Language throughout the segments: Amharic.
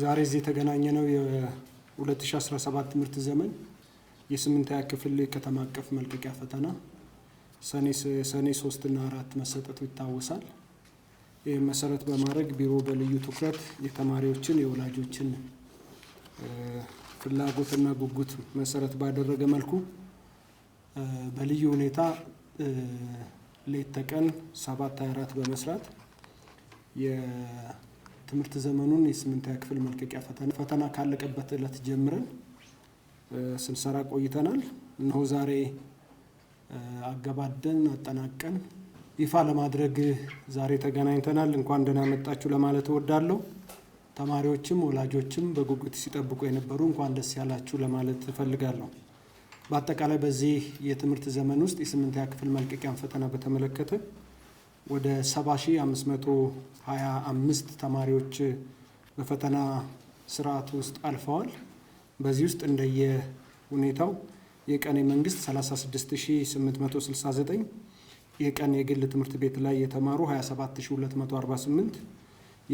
ዛሬ እዚህ የተገናኘ ነው የ2017 ትምህርት ዘመን የስምንተኛ ክፍል ከተማ አቀፍ መልቀቂያ ፈተና ሰኔ ሶስትና አራት መሰጠቱ ይታወሳል። ይህም መሰረት በማድረግ ቢሮ በልዩ ትኩረት የተማሪዎችን የወላጆችን ፍላጎትና ጉጉት መሰረት ባደረገ መልኩ በልዩ ሁኔታ ሌት ተቀን ሰባት አራት በመስራት ትምህርት ዘመኑን የስምንተኛ ክፍል መልቀቂያ ፈተና ፈተና ካለቀበት እለት ጀምረን ስንሰራ ቆይተናል። እነሆ ዛሬ አገባደን አጠናቀን ይፋ ለማድረግ ዛሬ ተገናኝተናል። እንኳን ደህና መጣችሁ ለማለት እወዳለሁ። ተማሪዎችም ወላጆችም በጉጉት ሲጠብቁ የነበሩ እንኳን ደስ ያላችሁ ለማለት እፈልጋለሁ። በአጠቃላይ በዚህ የትምህርት ዘመን ውስጥ የስምንተኛ ክፍል መልቀቂያን ፈተና በተመለከተ ወደ 70525 ተማሪዎች በፈተና ስርዓት ውስጥ አልፈዋል። በዚህ ውስጥ እንደየ ሁኔታው የቀን የመንግስት 36869 የቀን የግል ትምህርት ቤት ላይ የተማሩ 27248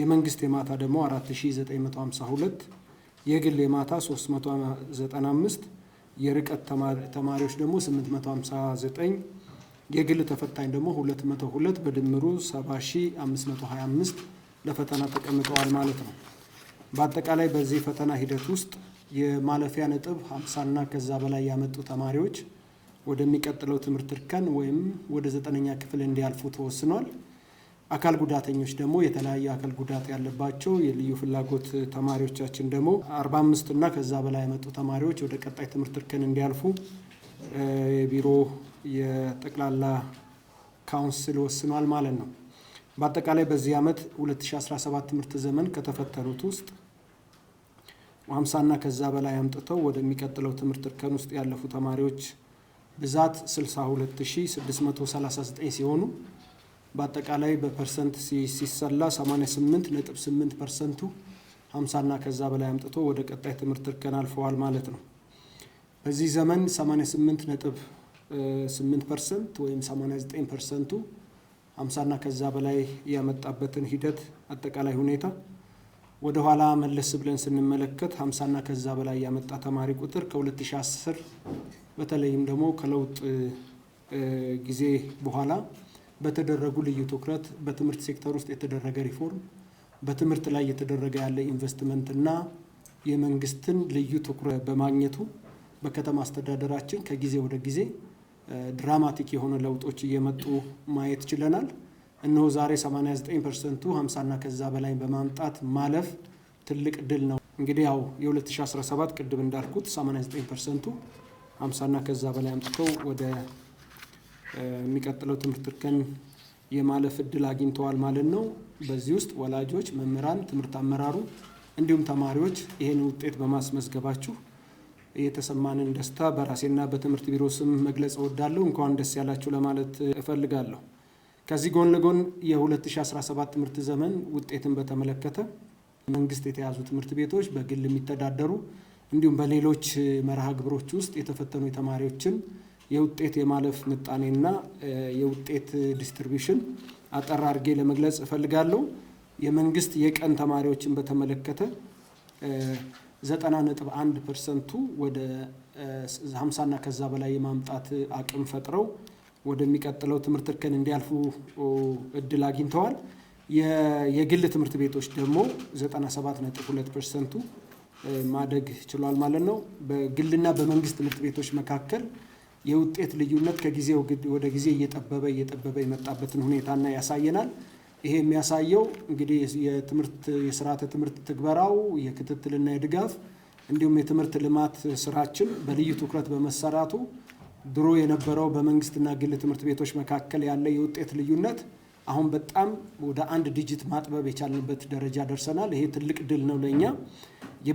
የመንግስት የማታ ደግሞ 4952 የግል የማታ 395 የርቀት ተማሪዎች ደግሞ 859 የግል ተፈታኝ ደግሞ 202 በድምሩ 70525 ለፈተና ተቀምጠዋል ማለት ነው። በአጠቃላይ በዚህ ፈተና ሂደት ውስጥ የማለፊያ ነጥብ 50ና ከዛ በላይ ያመጡ ተማሪዎች ወደሚቀጥለው ትምህርት እርከን ወይም ወደ ዘጠነኛ ክፍል እንዲያልፉ ተወስኗል። አካል ጉዳተኞች ደግሞ የተለያየ አካል ጉዳት ያለባቸው የልዩ ፍላጎት ተማሪዎቻችን ደግሞ 45 እና ከዛ በላይ ያመጡ ተማሪዎች ወደ ቀጣይ ትምህርት እርከን እንዲያልፉ የቢሮ የጠቅላላ ካውንስል ወስኗል ማለት ነው። በአጠቃላይ በዚህ ዓመት 2017 ትምህርት ዘመን ከተፈተኑት ውስጥ 50 ከዛ በላይ አምጥተው ወደሚቀጥለው ትምህርት እርከን ውስጥ ያለፉ ተማሪዎች ብዛት 62639 ሲሆኑ በአጠቃላይ በፐርሰንት ሲሰላ 88.8 ፐርሰንቱ 50 ከዛ በላይ አምጥቶ ወደ ቀጣይ ትምህርት እርከን አልፈዋል ማለት ነው። በዚህ ዘመን 88 ነጥብ 8 ፐርሰንት ወይም 89 ፐርሰንቱ 50 ከዛ በላይ ያመጣበትን ሂደት አጠቃላይ ሁኔታ ወደ ኋላ መለስ ብለን ስንመለከት 50 ከዛ በላይ ያመጣ ተማሪ ቁጥር ከ2010 በተለይም ደግሞ ከለውጥ ጊዜ በኋላ በተደረጉ ልዩ ትኩረት በትምህርት ሴክተር ውስጥ የተደረገ ሪፎርም በትምህርት ላይ እየተደረገ ያለ ኢንቨስትመንትና የመንግስትን ልዩ ትኩረት በማግኘቱ በከተማ አስተዳደራችን ከጊዜ ወደ ጊዜ ድራማቲክ የሆነ ለውጦች እየመጡ ማየት ችለናል። እነሆ ዛሬ 89 ፐርሰንቱ 50ና ከዛ በላይ በማምጣት ማለፍ ትልቅ ድል ነው። እንግዲህ ያው የ2017 ቅድም እንዳልኩት 89 ፐርሰንቱ 50ና ከዛ በላይ አምጥተው ወደ የሚቀጥለው ትምህርት እርከን የማለፍ እድል አግኝተዋል ማለት ነው። በዚህ ውስጥ ወላጆች፣ መምህራን፣ ትምህርት አመራሩ እንዲሁም ተማሪዎች ይህን ውጤት በማስመዝገባችሁ የተሰማንን ደስታ በራሴና በትምህርት ቢሮ ስም መግለጽ እወዳለሁ። እንኳን ደስ ያላችሁ ለማለት እፈልጋለሁ። ከዚህ ጎን ለጎን የ2017 ትምህርት ዘመን ውጤትን በተመለከተ መንግስት የተያዙ ትምህርት ቤቶች፣ በግል የሚተዳደሩ እንዲሁም በሌሎች መርሃ ግብሮች ውስጥ የተፈተኑ የተማሪዎችን የውጤት የማለፍ ምጣኔና የውጤት ዲስትሪቢሽን አጠር አድርጌ ለመግለጽ እፈልጋለሁ። የመንግስት የቀን ተማሪዎችን በተመለከተ ዘጠና ነጥብ አንድ ፐርሰንቱ ወደ ሀምሳና ከዛ በላይ የማምጣት አቅም ፈጥረው ወደሚቀጥለው ትምህርት እርከን እንዲያልፉ እድል አግኝተዋል። የግል ትምህርት ቤቶች ደግሞ ዘጠና ፐርሰንቱ ማደግ ችሏል ማለት ነው። በግልና በመንግስት ትምህርት ቤቶች መካከል የውጤት ልዩነት ከጊዜ ወደ ጊዜ እየጠበበ እየጠበበ የመጣበትን ሁኔታና ያሳየናል። ይሄ የሚያሳየው እንግዲህ የትምህርት የስርዓተ ትምህርት ትግበራው የክትትልና የድጋፍ እንዲሁም የትምህርት ልማት ስራችን በልዩ ትኩረት በመሰራቱ ድሮ የነበረው በመንግስትና ግል ትምህርት ቤቶች መካከል ያለ የውጤት ልዩነት አሁን በጣም ወደ አንድ ዲጂት ማጥበብ የቻልንበት ደረጃ ደርሰናል። ይሄ ትልቅ ድል ነው ለእኛ።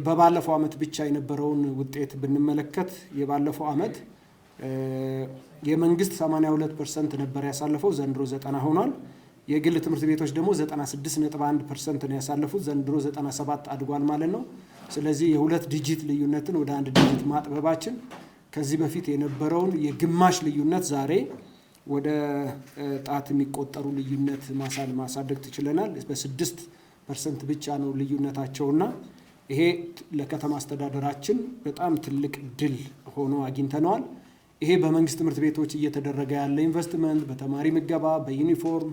በባለፈው ዓመት ብቻ የነበረውን ውጤት ብንመለከት የባለፈው ዓመት የመንግስት 82 ፐርሰንት ነበር ያሳለፈው፣ ዘንድሮ ዘጠና ሆኗል። የግል ትምህርት ቤቶች ደግሞ 96.1 ፐርሰንት ነው ያሳለፉት። ዘንድሮ 97 አድጓል ማለት ነው። ስለዚህ የሁለት ዲጂት ልዩነትን ወደ አንድ ዲጂት ማጥበባችን ከዚህ በፊት የነበረውን የግማሽ ልዩነት ዛሬ ወደ ጣት የሚቆጠሩ ልዩነት ማሳደግ ትችለናል። በስድስት ፐርሰንት ብቻ ነው ልዩነታቸውና ይሄ ለከተማ አስተዳደራችን በጣም ትልቅ ድል ሆኖ አግኝተነዋል። ይሄ በመንግስት ትምህርት ቤቶች እየተደረገ ያለ ኢንቨስትመንት በተማሪ ምገባ፣ በዩኒፎርም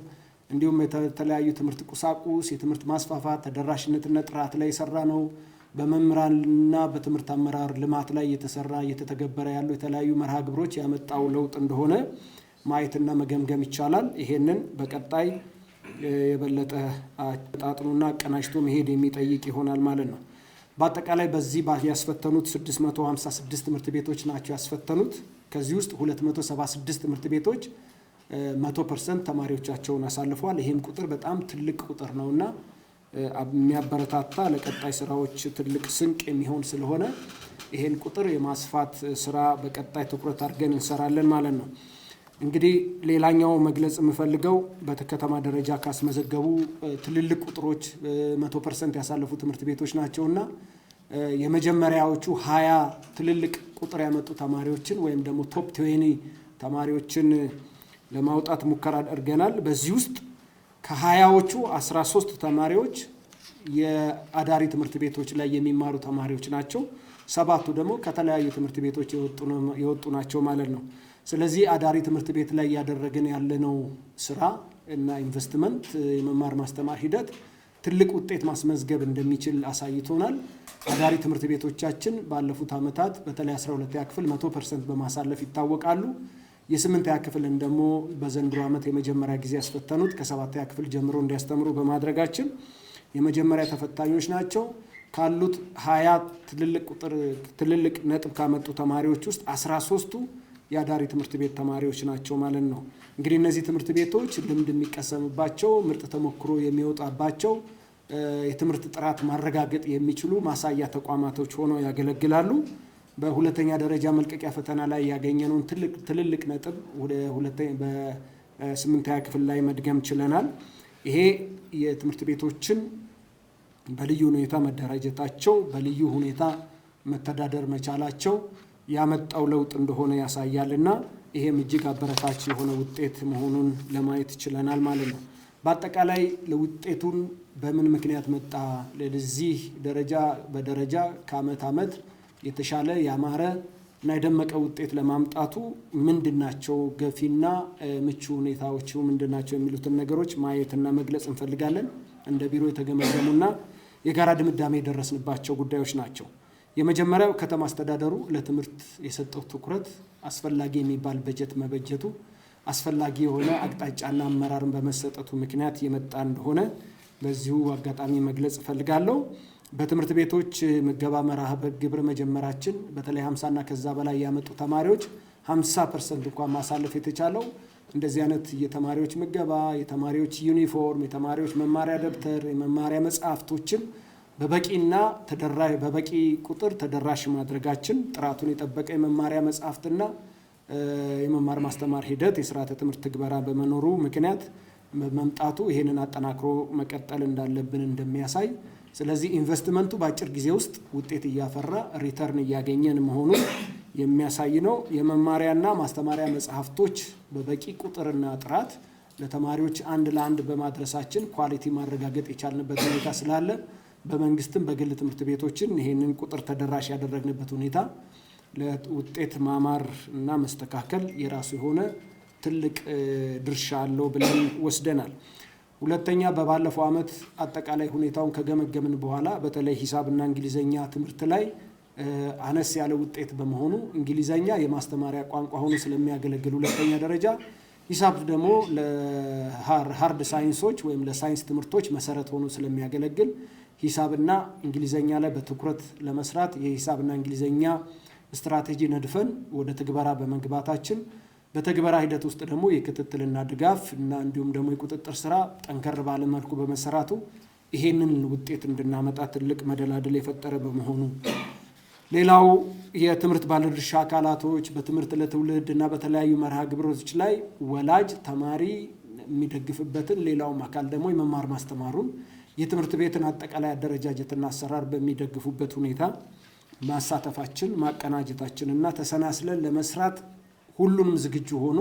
እንዲሁም የተለያዩ ትምህርት ቁሳቁስ፣ የትምህርት ማስፋፋት ተደራሽነትና ጥራት ላይ የሰራ ነው። በመምህራንና በትምህርት አመራር ልማት ላይ የተሰራ እየተተገበረ ያሉ የተለያዩ መርሃ ግብሮች ያመጣው ለውጥ እንደሆነ ማየትና መገምገም ይቻላል። ይሄንን በቀጣይ የበለጠ አጣጥኑና አቀናጅቶ መሄድ የሚጠይቅ ይሆናል ማለት ነው። በአጠቃላይ በዚህ ያስፈተኑት 656 ትምህርት ቤቶች ናቸው ያስፈተኑት። ከዚህ ውስጥ 276 ትምህርት ቤቶች መቶ ፐርሰንት ተማሪዎቻቸውን አሳልፈዋል። ይህም ቁጥር በጣም ትልቅ ቁጥር ነው እና የሚያበረታታ ለቀጣይ ስራዎች ትልቅ ስንቅ የሚሆን ስለሆነ ይህን ቁጥር የማስፋት ስራ በቀጣይ ትኩረት አድርገን እንሰራለን ማለት ነው። እንግዲህ ሌላኛው መግለጽ የምፈልገው በከተማ ደረጃ ካስመዘገቡ ትልልቅ ቁጥሮች መቶ ፐርሰንት ያሳለፉ ትምህርት ቤቶች ናቸው እና የመጀመሪያዎቹ ሀያ ትልልቅ ቁጥር ያመጡ ተማሪዎችን ወይም ደግሞ ቶፕ ትዌኒ ተማሪዎችን ለማውጣት ሙከራ አድርገናል። በዚህ ውስጥ ከሀያዎቹ አስራ ሶስት ተማሪዎች የአዳሪ ትምህርት ቤቶች ላይ የሚማሩ ተማሪዎች ናቸው። ሰባቱ ደግሞ ከተለያዩ ትምህርት ቤቶች የወጡ ናቸው ማለት ነው። ስለዚህ አዳሪ ትምህርት ቤት ላይ እያደረግን ያለነው ስራ እና ኢንቨስትመንት የመማር ማስተማር ሂደት ትልቅ ውጤት ማስመዝገብ እንደሚችል አሳይቶናል። አዳሪ ትምህርት ቤቶቻችን ባለፉት ዓመታት በተለይ 12ኛ ክፍል መቶ ፐርሰንት በማሳለፍ ይታወቃሉ። የስምንተኛ ክፍልን ደግሞ በዘንድሮ ዓመት የመጀመሪያ ጊዜ ያስፈተኑት ከሰባተኛ ክፍል ጀምሮ እንዲያስተምሩ በማድረጋችን የመጀመሪያ ተፈታኞች ናቸው። ካሉት ሀያ ትልልቅ ነጥብ ካመጡ ተማሪዎች ውስጥ አስራ ሶስቱ የአዳሪ ትምህርት ቤት ተማሪዎች ናቸው ማለት ነው። እንግዲህ እነዚህ ትምህርት ቤቶች ልምድ የሚቀሰምባቸው፣ ምርጥ ተሞክሮ የሚወጣባቸው፣ የትምህርት ጥራት ማረጋገጥ የሚችሉ ማሳያ ተቋማቶች ሆነው ያገለግላሉ። በሁለተኛ ደረጃ መልቀቂያ ፈተና ላይ ያገኘነውን ትልልቅ ነጥብ በስምንተኛ ክፍል ላይ መድገም ችለናል። ይሄ የትምህርት ቤቶችን በልዩ ሁኔታ መደራጀታቸው፣ በልዩ ሁኔታ መተዳደር መቻላቸው ያመጣው ለውጥ እንደሆነ ያሳያልና ይሄም እጅግ አበረታች የሆነ ውጤት መሆኑን ለማየት ችለናል ማለት ነው። በአጠቃላይ ለውጤቱን በምን ምክንያት መጣ ለዚህ ደረጃ በደረጃ ከአመት አመት የተሻለ ያማረ እና የደመቀ ውጤት ለማምጣቱ ምንድናቸው ገፊና ምቹ ሁኔታዎቹ ምንድናቸው የሚሉትን ነገሮች ማየትና መግለጽ እንፈልጋለን። እንደ ቢሮ የተገመገሙና የጋራ ድምዳሜ የደረስንባቸው ጉዳዮች ናቸው። የመጀመሪያው ከተማ አስተዳደሩ ለትምህርት የሰጠው ትኩረት አስፈላጊ የሚባል በጀት መበጀቱ አስፈላጊ የሆነ አቅጣጫና አመራርን በመሰጠቱ ምክንያት የመጣ እንደሆነ በዚሁ አጋጣሚ መግለጽ እፈልጋለሁ። በትምህርት ቤቶች ምገባ መርሃ ግብር መጀመራችን በተለይ 50 ከዛ በላይ ያመጡ ተማሪዎች 50 ፐርሰንት እንኳን ማሳለፍ የተቻለው እንደዚህ አይነት የተማሪዎች ምገባ፣ የተማሪዎች ዩኒፎርም፣ የተማሪዎች መማሪያ ደብተር፣ የመማሪያ መጽሐፍቶችን በበቂና በበቂ ቁጥር ተደራሽ ማድረጋችን ጥራቱን የጠበቀ የመማሪያ መጽሐፍትና የመማር ማስተማር ሂደት የስርዓተ ትምህርት ትግበራ በመኖሩ ምክንያት መምጣቱ ይህንን አጠናክሮ መቀጠል እንዳለብን እንደሚያሳይ ስለዚህ ኢንቨስትመንቱ በአጭር ጊዜ ውስጥ ውጤት እያፈራ ሪተርን እያገኘን መሆኑን የሚያሳይ ነው። የመማሪያና ማስተማሪያ መጽሐፍቶች በበቂ ቁጥርና ጥራት ለተማሪዎች አንድ ለአንድ በማድረሳችን ኳሊቲ ማረጋገጥ የቻልንበት ሁኔታ ስላለ በመንግስትም በግል ትምህርት ቤቶችን ይህንን ቁጥር ተደራሽ ያደረግንበት ሁኔታ ለውጤት ማማር እና መስተካከል የራሱ የሆነ ትልቅ ድርሻ አለው ብለን ወስደናል። ሁለተኛ በባለፈው ዓመት አጠቃላይ ሁኔታውን ከገመገምን በኋላ በተለይ ሂሳብና እንግሊዘኛ ትምህርት ላይ አነስ ያለ ውጤት በመሆኑ እንግሊዘኛ የማስተማሪያ ቋንቋ ሆኖ ስለሚያገለግል ሁለተኛ ደረጃ ሂሳብ ደግሞ ለሀርድ ሳይንሶች ወይም ለሳይንስ ትምህርቶች መሰረት ሆኖ ስለሚያገለግል ሂሳብና እንግሊዘኛ ላይ በትኩረት ለመስራት የሂሳብና እንግሊዘኛ ስትራቴጂ ነድፈን ወደ ትግበራ በመግባታችን በተግበራ ሂደት ውስጥ ደግሞ የክትትልና ድጋፍ እና እንዲሁም ደግሞ የቁጥጥር ስራ ጠንከር ባለ መልኩ በመሰራቱ ይሄንን ውጤት እንድናመጣ ትልቅ መደላድል የፈጠረ በመሆኑ ሌላው የትምህርት ባለድርሻ አካላቶች በትምህርት ለትውልድ እና በተለያዩ መርሃ ግብሮች ላይ ወላጅ ተማሪ የሚደግፍበትን ሌላውም አካል ደግሞ የመማር ማስተማሩን የትምህርት ቤትን አጠቃላይ አደረጃጀትና አሰራር በሚደግፉበት ሁኔታ ማሳተፋችን ማቀናጀታችን እና ተሰናስለን ለመስራት ሁሉንም ዝግጁ ሆኖ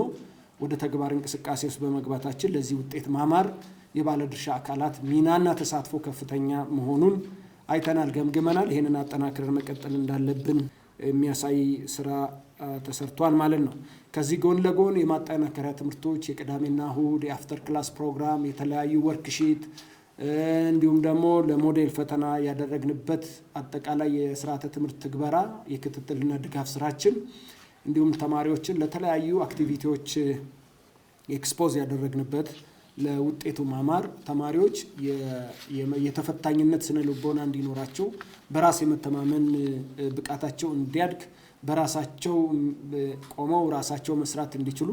ወደ ተግባር እንቅስቃሴ ውስጥ በመግባታችን ለዚህ ውጤት ማማር የባለድርሻ አካላት ሚናና ተሳትፎ ከፍተኛ መሆኑን አይተናል፣ ገምግመናል። ይህንን አጠናክረን መቀጠል እንዳለብን የሚያሳይ ስራ ተሰርቷል ማለት ነው። ከዚህ ጎን ለጎን የማጠናከሪያ ትምህርቶች፣ የቅዳሜና እሁድ የአፍተር ክላስ ፕሮግራም፣ የተለያዩ ወርክሺት እንዲሁም ደግሞ ለሞዴል ፈተና ያደረግንበት አጠቃላይ የስርዓተ ትምህርት ትግበራ የክትትልና ድጋፍ ስራችን እንዲሁም ተማሪዎችን ለተለያዩ አክቲቪቲዎች ኤክስፖዝ ያደረግንበት ለውጤቱ ማማር ተማሪዎች የተፈታኝነት ስነ ልቦና እንዲኖራቸው በራስ የመተማመን ብቃታቸው እንዲያድግ በራሳቸው ቆመው ራሳቸው መስራት እንዲችሉ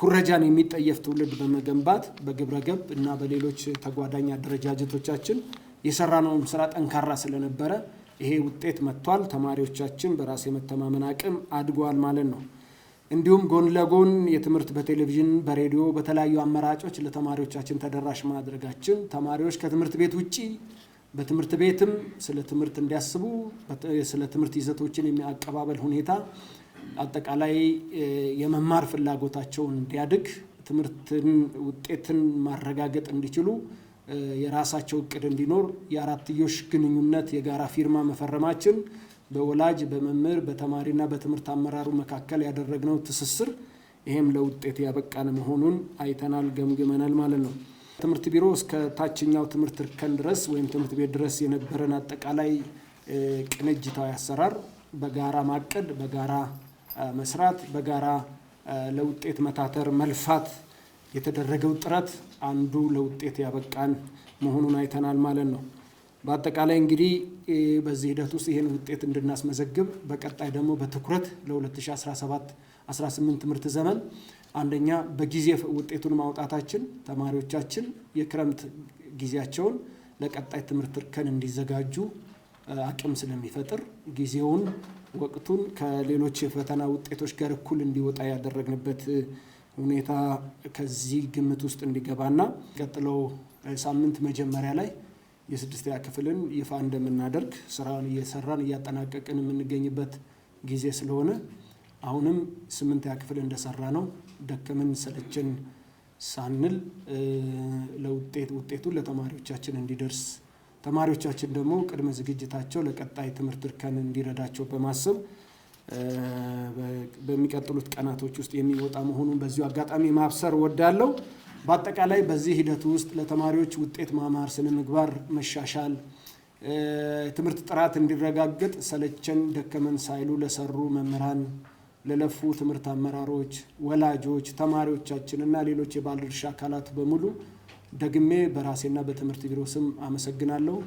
ኩረጃን የሚጠየፍ ትውልድ በመገንባት በግብረገብ እና በሌሎች ተጓዳኝ አደረጃጀቶቻችን የሰራነውም ስራ ጠንካራ ስለነበረ ይሄ ውጤት መጥቷል። ተማሪዎቻችን በራስ የመተማመን አቅም አድጓል ማለት ነው። እንዲሁም ጎን ለጎን የትምህርት በቴሌቪዥን፣ በሬዲዮ፣ በተለያዩ አማራጮች ለተማሪዎቻችን ተደራሽ ማድረጋችን ተማሪዎች ከትምህርት ቤት ውጪ በትምህርት ቤትም ስለ ትምህርት እንዲያስቡ ስለ ትምህርት ይዘቶችን የሚያቀባበል ሁኔታ አጠቃላይ የመማር ፍላጎታቸውን እንዲያድግ ትምህርትን ውጤትን ማረጋገጥ እንዲችሉ የራሳቸው እቅድ እንዲኖር የአራትዮሽ ግንኙነት የጋራ ፊርማ መፈረማችን በወላጅ በመምህር በተማሪና በትምህርት አመራሩ መካከል ያደረግነው ትስስር ይህም ለውጤት ያበቃን መሆኑን አይተናል፣ ገምግመናል ማለት ነው። ትምህርት ቢሮ እስከ ታችኛው ትምህርት እርከን ድረስ ወይም ትምህርት ቤት ድረስ የነበረን አጠቃላይ ቅንጅታዊ አሰራር በጋራ ማቀድ፣ በጋራ መስራት፣ በጋራ ለውጤት መታተር መልፋት የተደረገው ጥረት አንዱ ለውጤት ያበቃን መሆኑን አይተናል ማለት ነው። በአጠቃላይ እንግዲህ በዚህ ሂደት ውስጥ ይህን ውጤት እንድናስመዘግብ በቀጣይ ደግሞ በትኩረት ለ2017 18 ትምህርት ዘመን አንደኛ በጊዜ ውጤቱን ማውጣታችን ተማሪዎቻችን የክረምት ጊዜያቸውን ለቀጣይ ትምህርት እርከን እንዲዘጋጁ አቅም ስለሚፈጥር ጊዜውን ወቅቱን ከሌሎች የፈተና ውጤቶች ጋር እኩል እንዲወጣ ያደረግንበት ሁኔታ ከዚህ ግምት ውስጥ እንዲገባና ቀጥለው ሳምንት መጀመሪያ ላይ የስድስተኛ ክፍልን ይፋ እንደምናደርግ ስራን እየሰራን እያጠናቀቅን የምንገኝበት ጊዜ ስለሆነ አሁንም ስምንተኛ ክፍል እንደሰራ ነው ደከምን ሰለችን ሳንል ለውጤት ውጤቱ ለተማሪዎቻችን እንዲደርስ ተማሪዎቻችን ደግሞ ቅድመ ዝግጅታቸው ለቀጣይ ትምህርት እርከን እንዲረዳቸው በማሰብ በሚቀጥሉት ቀናቶች ውስጥ የሚወጣ መሆኑን በዚሁ አጋጣሚ ማብሰር ወዳለው። በአጠቃላይ በዚህ ሂደት ውስጥ ለተማሪዎች ውጤት ማማር፣ ስነ ምግባር መሻሻል፣ ትምህርት ጥራት እንዲረጋገጥ ሰለቸን ደከመን ሳይሉ ለሰሩ መምህራን፣ ለለፉ ትምህርት አመራሮች፣ ወላጆች፣ ተማሪዎቻችን እና ሌሎች የባለድርሻ አካላት በሙሉ ደግሜ በራሴና በትምህርት ቢሮ ስም አመሰግናለሁ።